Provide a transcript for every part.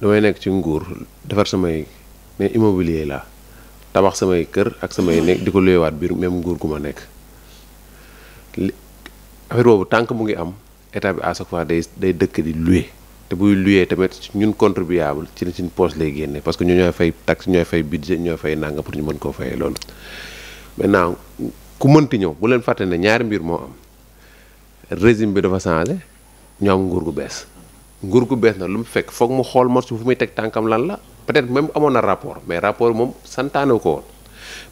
damay nekk ci nguur defar samay ne immobilier la tabax samay kër ak samay nekk di ko luyewaat biir même nguur gu ma nekk affaire boobu tànk mu ngi am état bi à chaque fois day day dëkk di luye te buy luye tamit ñun contribuable ci suñ poche lay génne parce que ñu ñooy fay taxe ñooy fay budget ñooy fay nanga pour ñu mën koo fayee loolu naa ku mënti ñëw bu leen fàtte ñaari mbir moo am résime bi dafa changé ñu am nguur gu bees nguur gu bees na lu mu fekk foog mu xool marché fu muy teg tànkam lan la peut-être même amoon na rapport mais rapport moom santaane ko woon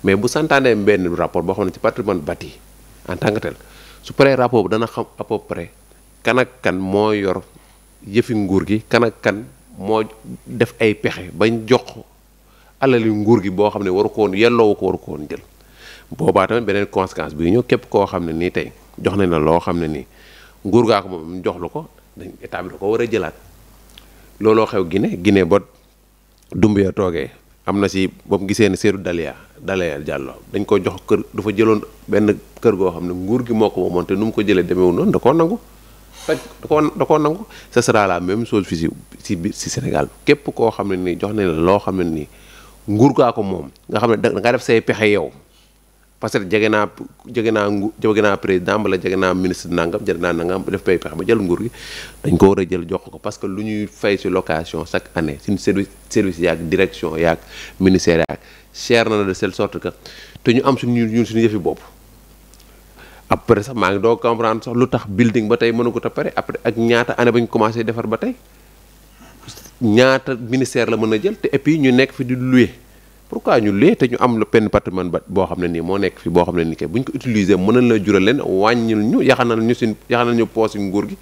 mais bu santaanee benn rapport boo xam ne ci patrimoine bâti en tant que su paree rapport bi dana xam à peu près kan kan moo yor yëfi nguur gi kan kan moo def ay pexe bañ jox alali nguur gi boo xam ne waru ko woon yelloowu ko waru ko woon jël boobaa tamit beneen conséquence bii ñëw képp koo xam ne nii tey jox nañ na loo xam ne nii nguur gaa ko moom jox la ko dañ état bi da ko war a jëlaat looloo xew Guinée Guinée ba Doumbouya toogee am na si ba gisee ne Seydou Dalia Dalia Diallo dañ ko jox kër dafa jëloon benn kër goo xam ne nguur gi moo ko moomoon te nu mu ko jëlee demeewul noonu da koo nangu da koo da koo nangu ce même chose fii si si si Sénégal képp koo xam ne nii jox ne loo xam ne nii nguur gaa ko moom nga xam ne da nga def say pexe yow parce que jege naa jege naa ngu jege naa président wala jege naa ministre nangam jege naa nangam def pay pexe ba jël nguur gi dañ ko war a jël jox ko parce que lu ñuy fay si location chaque année suñ service service yaag direction yaag ministère yaag cher na de telle sorte que te ñu am suñu ñun suñu yëfi bopp. après sax maa ngi doo comprendre lu tax building ba tey mënu ko ta pare après ak ñaata année ba ñu defar ba tey ñaata ministère la mën a jël te et puis ñu nekk fi di louer. pourquoi ñu lee te ñu am la benn patrimoine ba boo xam ne nii moo nekk fi boo xam ne nii kay bu ñu ko utiliser mënal la jural leen wàññil ñu yaxanal ñu suñ yaxanal ñu poosi nguur gi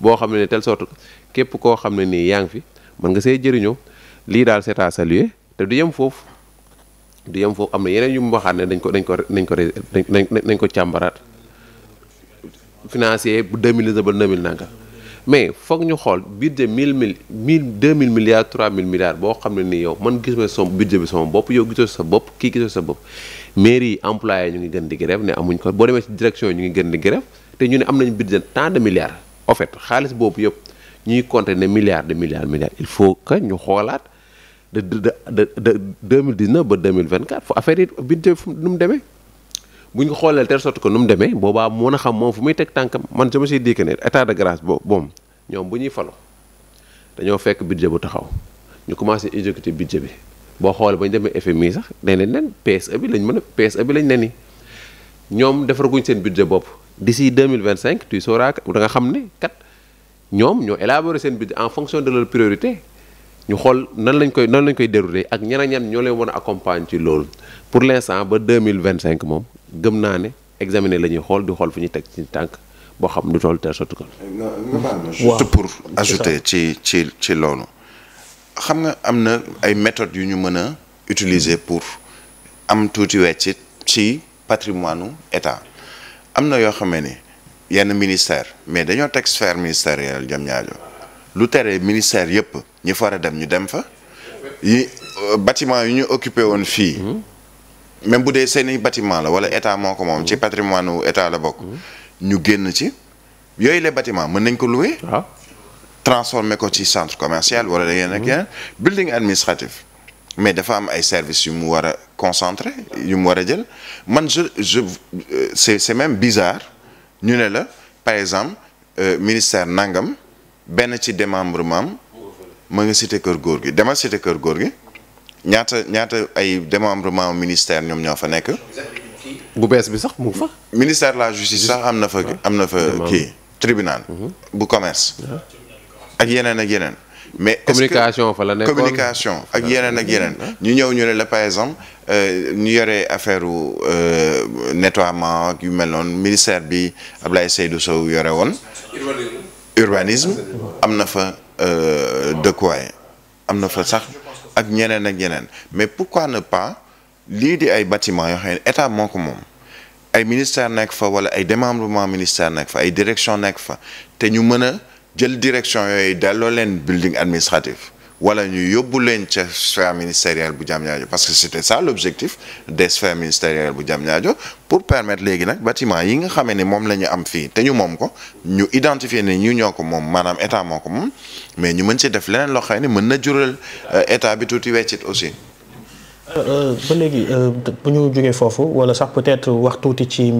boo xam ne telle sorte képp koo xam ne nii yaa ngi fi mën nga see jëriñoo lii daal c'est à te du yem foofu du yem foofu am na yeneen yu mu waxaat ne dañ ko dañ ko dañ ko dañ ko càmbaraat financier bu 2000 ba 2000 nanga mais foog ñu xool budget mill mill mille deux mille milliards trois mill milliards boo xam ne nii yow man gis ma sama budget bi sama bopp yow gisoo sa bopp kii gisoo sa bopp mairie yi employé ñu ngi gën di grève ne amuñ ko boo demee ci direction yi ñu ngi gën di grève te ñu ne am nañ budget tant de milliards fait xaalis boobu yëpp ñuy compter ne milliards de milliards milliards il faut que ñu xoolaat de de de de 2019 ba 2024 fu affaire yi fu nu mu demee bu ñu ko xoolee telle sorte que nu mu demee boobaa mën a xam moom fu muy teg tànkam man je me suis dit que ne état de grâce bo boom ñoom bu ñuy falu dañoo fekk budget bu taxaw ñu commencé exécuter budget bi boo xoolee ba ñu demee FMI sax dañ leen nen PSE bi lañ mën a PSE bi lañ nen ni ñoom defaraguñ seen budget bopp d'ici 2025 tu sauras da nga xam ne kat ñoom ñoo élaborer seen budget en fonction de leur priorité ñu xool nan lañ koy nan lañ koy dérouler ak ñan ak ñoo leen war a accompagner ci loolu pour l'instant ba 2025 moom gëm naa ne examiner la ñuy xool di xool fu ñu teg ci tànk boo xam du toll teel ko. nga pour ajouter ci ci ci loolu. xam nga am na ay méthodes yu ñu mën a utiliser pour am tuuti wecc ci patrimoine état am na yoo xamee ne yenn ministère mais dañoo teg sphère ministérielle jam ñaajo lu tere ministère yëpp ñu far a dem ñu dem fa yi euh, bâtiment yu ñu occupé woon fii mm-hmm. même bu dee seeni batiment la wala état moo ko moom ci patrimoine wu état la bokk mm-hmm. ñu génn ci yooyu les batiment mën nañ ko louer ah. transformer ko ci centre commercial wala da ngeen ak mm-hmm. yeneen building administratif mais dafa am ay services yu mu war a concentré yu mu war a jël man je je euh, c'est c'est même bizarre ñu ne la par exemple euh, ministère nangam benn ci demembre am ma nga cité kër góor gi demal cité kër góor gi ñaata ñaata ay demembre démembrement ministère ñoom ñoo fa nekk. bu bees bi sax mu fa. ministère la justice sax am na fa ah. am na fa kii tribunal. Mhm. bu commerce. Ah. ak yeneen ak yeneen. mais communication fa la ak ah. yeneen ak yeneen. ñu ñëw ñu ne la par exemple euh, ñu yore affaire euh, nettoiement ak yu mel noonu ministère bi Ablaye Seydou Sow yore woon. urbanisme am na fa euh, dëkkuwaay am na fa sax ak ñeneen ak ñeneen mais pourquoi na pas lii di ay bâtiment yoo xam ne état moo ko moom ay ministère nekk fa wala ay démembrement ministère nekk fa ay direction nekk fa te ñu mën a jël direction yooyu delloo leen building administratif wala ñu yóbbu leen ca sphère ministérielle bu Diamniadio parce que c'était ça l'objectif des sphères ministérielles bu Diamniadio pour permettre léegi nag batiment yi nga xamee ne moom la ñu am fii te ñu moom ko ñu identifie ne ñu ñoo ko moom maanaam état moo ko moom mais ñu mën ci def leneen loo xam ne mën na jural euh, état bi tuuti weccit aussi. Euh, euh, ba léegi bu ñu jógee foofu wala sax peut-être wax tuuti ci.